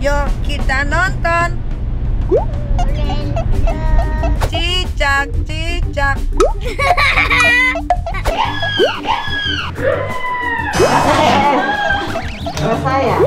Yuk kita nonton Cicak, cicak Selesai ya?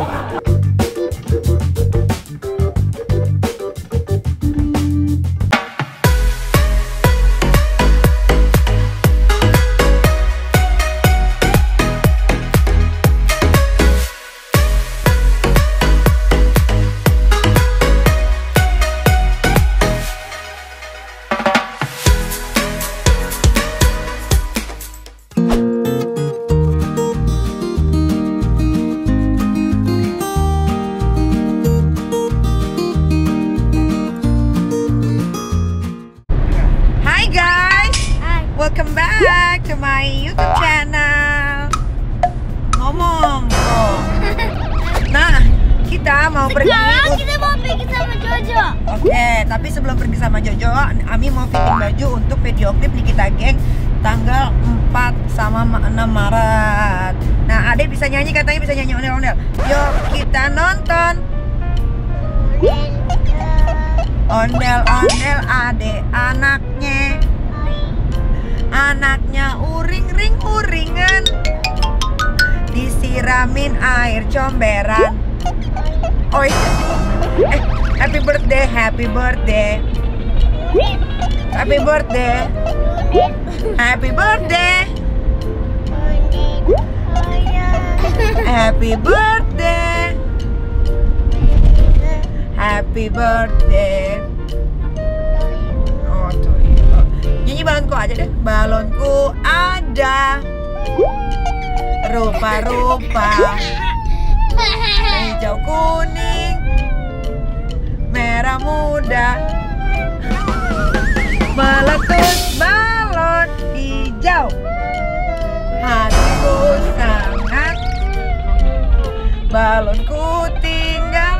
Jojo. Oke, okay, tapi sebelum pergi sama Jojo, Ami mau fitting baju untuk video klip Nikita Geng tanggal 4 sama 6 Maret. Nah, Ade bisa nyanyi katanya bisa nyanyi ondel-ondel. Yuk kita nonton. Ondel-ondel Ade anaknya. Anaknya uring-ring-uringan. Disiramin air comberan. Oi. Oh, iya. Eh, Happy birthday, happy birthday. Happy birthday. Happy birthday. Happy birthday. Happy birthday. Oh, tuh. Iya. Nyanyi balonku aja deh. Balonku ada. Rupa-rupa. Hijau kuning merah muda Meletus balon hijau Hatiku sangat Balonku tinggal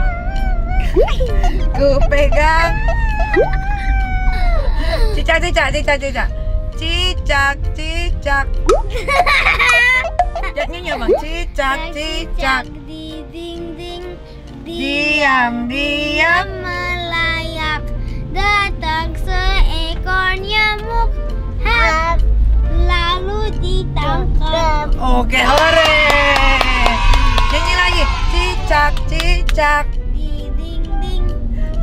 Ku pegang Cicak, cicak, cicak, cicak Cicak, cicak Cicak, cicak Di ding ding Diam, diam nyamuk hap lalu ditangkap. Oke, hore. Nyanyi lagi. Cicak, cicak. Di ding ding.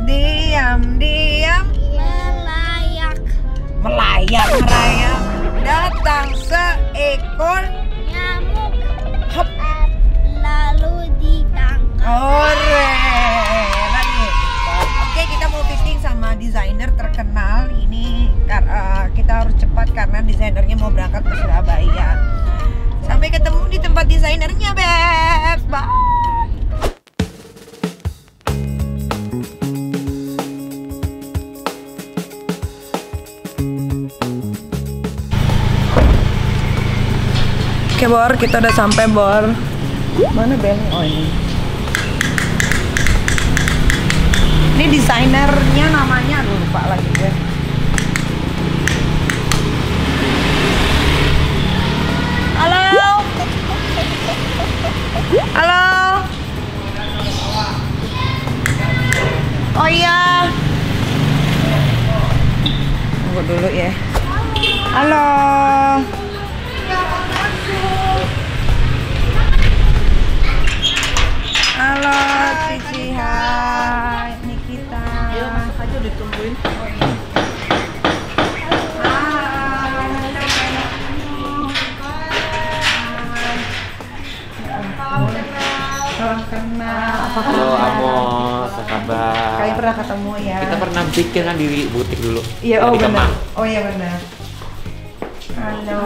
Diam, diam. Melayak. Melayak, merayap. Datang seekor nyamuk. Hap. Lalu ditangkap. Hore desainer terkenal ini uh, kita harus cepat karena desainernya mau berangkat ke Surabaya sampai ketemu di tempat desainernya beb bye Oke okay, Bor, kita udah sampai Bor. Mana Ben? Oh ini. ini desainernya namanya aduh lupa lagi gue halo halo oh iya tunggu dulu ya halo halo Cici hai Salam kenal. Halo Amos, apa kabar? Kalian pernah ketemu ya? Kita pernah bikin kan di butik dulu. Iya, oh benar. Oh iya benar. Halo,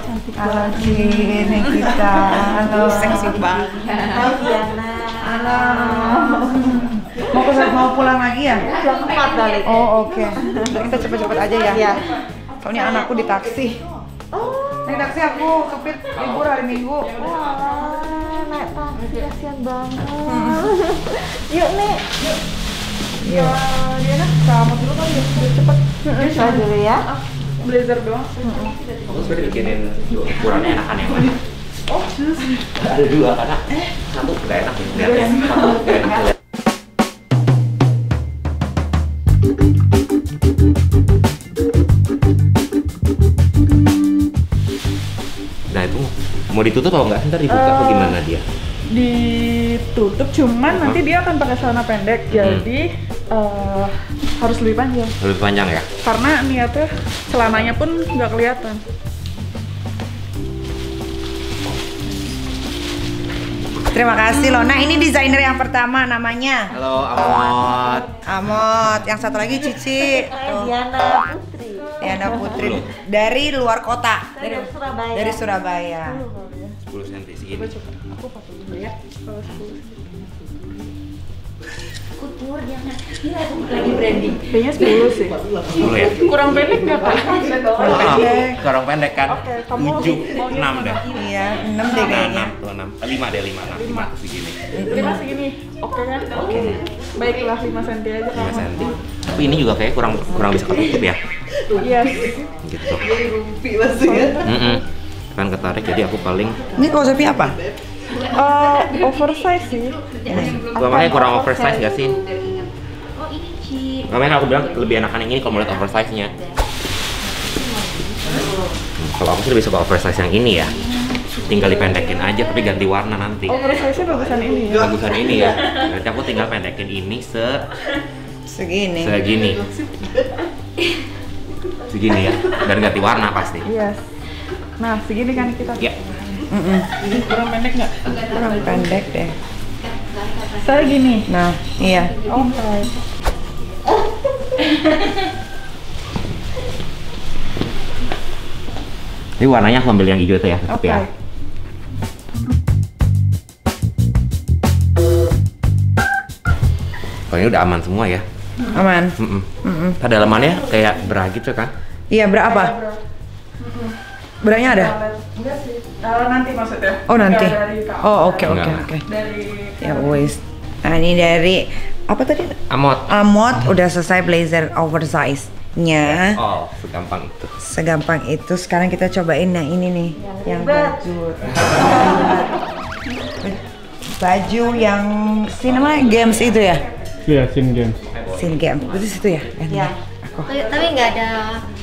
cantik banget. ini kita. Halo, seksi banget. Halo, Diana. Halo. Mau pulang, mau pulang lagi ya? Jam empat kali. Oh, oke. Okay. Kita cepet-cepet aja ya. Iya. Soalnya anakku di taksi. Oh. Naik taksi aku kepit libur hari Minggu. Oh pasti kasihan banget yuk iya. nih yuk Ya, Diana, sama dulu kan ya, cepet. Saya dulu ya. Ah, blazer doang. Aku sudah bikinin ukurannya enakan ya Oh, jelas. ada dua karena satu udah enak, yang satu enak. mau ditutup atau enggak? Ntar dibuka uh, eh, atau gimana dia? Ditutup, cuman hmm. nanti dia akan pakai celana pendek, hmm. jadi uh, harus lebih panjang. Harus lebih panjang ya? Karena niatnya celananya pun nggak kelihatan. Terima kasih loh. Nah Ini desainer yang pertama namanya. Halo Amot. Amot. Yang satu lagi Cici. Diana Putri. Diana Putri dari luar kota. Dari Surabaya. Dari Surabaya. 10 cm segini. Coba, coba. Aku pakai dulu ya. Kalau 10 Aku tur jangan. Ini lagi branding. Kayaknya 10 sih. 10 ya. Kurang pendek enggak, Pak? Kurang, kurang pendek kan. Oke, kamu 7 6 dah. Iya, 6 deh kayaknya. 6 tuh 6. 5 deh, 5. 5 segini. 5 segini. Oke kan? Oke. Baiklah 5 cm aja kamu. 5 cm. Tapi ini juga kayak kurang kurang bisa ketutup ya. Iya. Gitu. Rumpi masih ya. Heeh kan ketarik jadi aku paling ini konsepnya apa uh, oversize sih namanya makanya kurang oversize gak sih makanya aku bilang lebih enakan yang ini kalau melihat oversize nya hmm, kalau aku sih lebih suka oversize yang ini ya tinggal dipendekin aja tapi ganti warna nanti oversize nya bagusan ini ya bagusan ini ya berarti aku tinggal pendekin ini se segini segini segini ya dan ganti warna pasti yes Nah, segini kan kita. Iya. Mm -mm. Ini kurang pendek nggak? Kurang pendek deh. Saya gini. Nah, iya. Oh, okay. Ini warnanya aku ambil yang hijau itu ya, tetap okay. ya. Oh ini udah aman semua ya? Aman. Mm -mm. Mm -mm. lemannya kayak bra gitu kan? Iya bra apa? Beranya ada? Enggak iya sih. Uh, nanti maksudnya. Oh, nanti. Oh, oke oke oke. Dari Ya wis. Nah, ini dari apa tadi? Amot. Amot udah selesai blazer oversize nya oh segampang itu segampang itu sekarang kita cobain nah ini nih yang, yang baju baju yang cinema games itu ya iya sin games sin games itu situ ya, ya. aku tapi nggak ada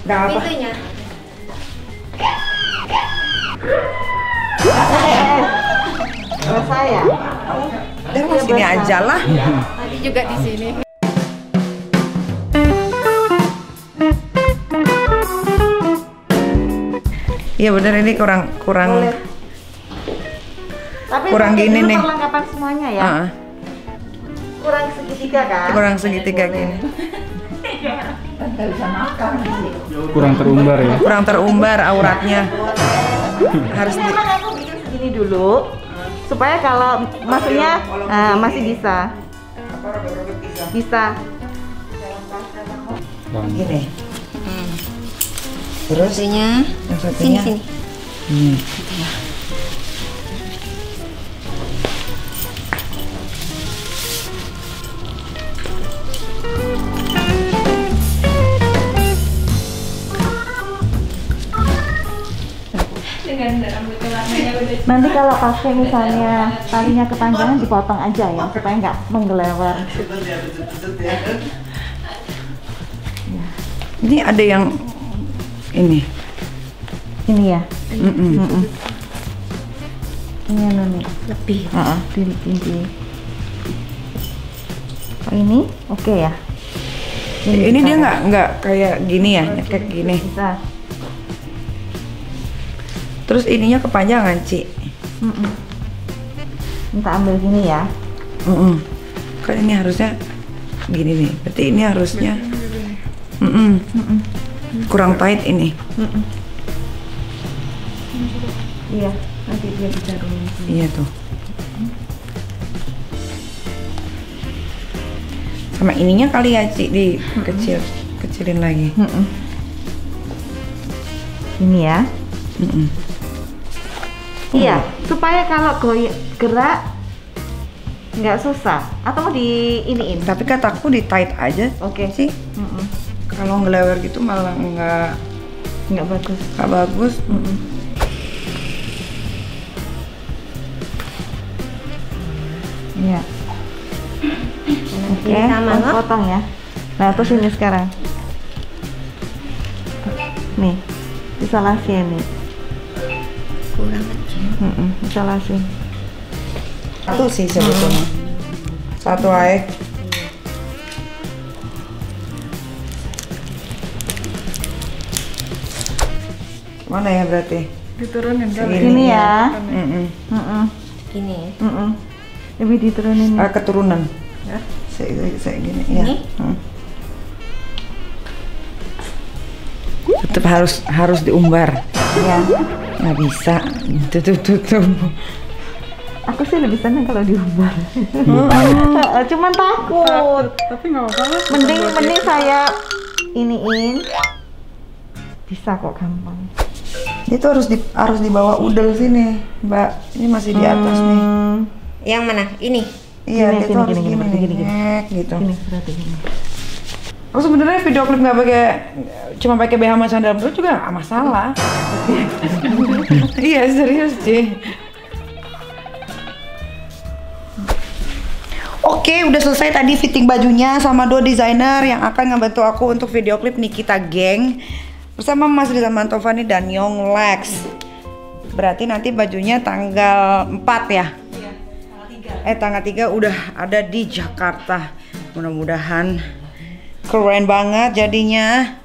nggak apa pintunya Basah ya? Basah sini aja lah. Tadi juga di sini. Iya bener ini kurang kurang Tapi kurang gini nih. Perlengkapan semuanya ya. Uh -uh. Kurang segitiga kan? Kurang segitiga gini. Kurang terumbar ya? Kurang terumbar auratnya harus di... aku bikin segini dulu supaya kalau maksudnya uh, masih bisa bisa gini hmm. terus sini sini hmm. Nanti kalau pakai misalnya talinya kepanjangan dipotong aja ya supaya nggak menggelewer. Ini ada yang ini. Ini ya. Mm -mm. Mm -mm. Ini anu nih lebih. Uh -uh. Oh, ini oke okay ya. Ini, ini dia nggak nggak kayak gini ya kayak gini. Bisa. Terus ininya kepanjangan, Ci mm -mm. minta ambil gini ya mm -mm. kok ini harusnya gini nih berarti ini harusnya mm -mm. Mm -mm. kurang pahit ini mm -mm. iya nanti dia bisa rumit. iya tuh sama ininya kali ya Ci di kecil kecilin lagi ini ya Iya, hmm. supaya kalau goyak gerak nggak susah. Atau mau di iniin? Tapi kataku di tight aja. Oke. Okay. Sih. Mm -mm. Kalau ngelewer gitu malah nggak nggak bagus. Nggak bagus. Mm -mm. Iya. Oke, okay, potong ya. Nah, terus ini sekarang. Nih, disalahin nih mm -mm, misal sih satu sih sebetulnya hmm. satu aja mana ya berarti diturunin kan ini ya mm -mm. Mm -mm. mm lebih diturunin ah, keturunan ya saya, saya gini ya. ini? ya hmm. tetap harus harus diumbar ya nggak bisa tutup tutup aku sih lebih seneng kalau diubah hmm. oh. cuman takut tapi nggak apa-apa mending mending saya iniin bisa kok gampang itu harus di harus dibawa udel sini mbak ini masih di atas hmm. nih yang mana ini iya itu harus gini, gini, gini, gini, gini, gini, gitu. gini Oh sebenarnya video klip nggak pakai cuma pakai BH sama sandal itu juga nggak masalah. iya serius sih. Oke, udah selesai tadi fitting bajunya sama dua desainer yang akan ngebantu aku untuk video klip Nikita Geng bersama Mas Rizal Mantovani dan Yong Lex. Berarti nanti bajunya tanggal 4 ya? Iya, tanggal 3. Eh, tanggal 3 udah ada di Jakarta. Mudah-mudahan keren banget jadinya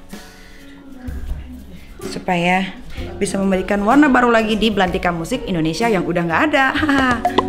supaya bisa memberikan warna baru lagi di belantika musik Indonesia yang udah nggak ada.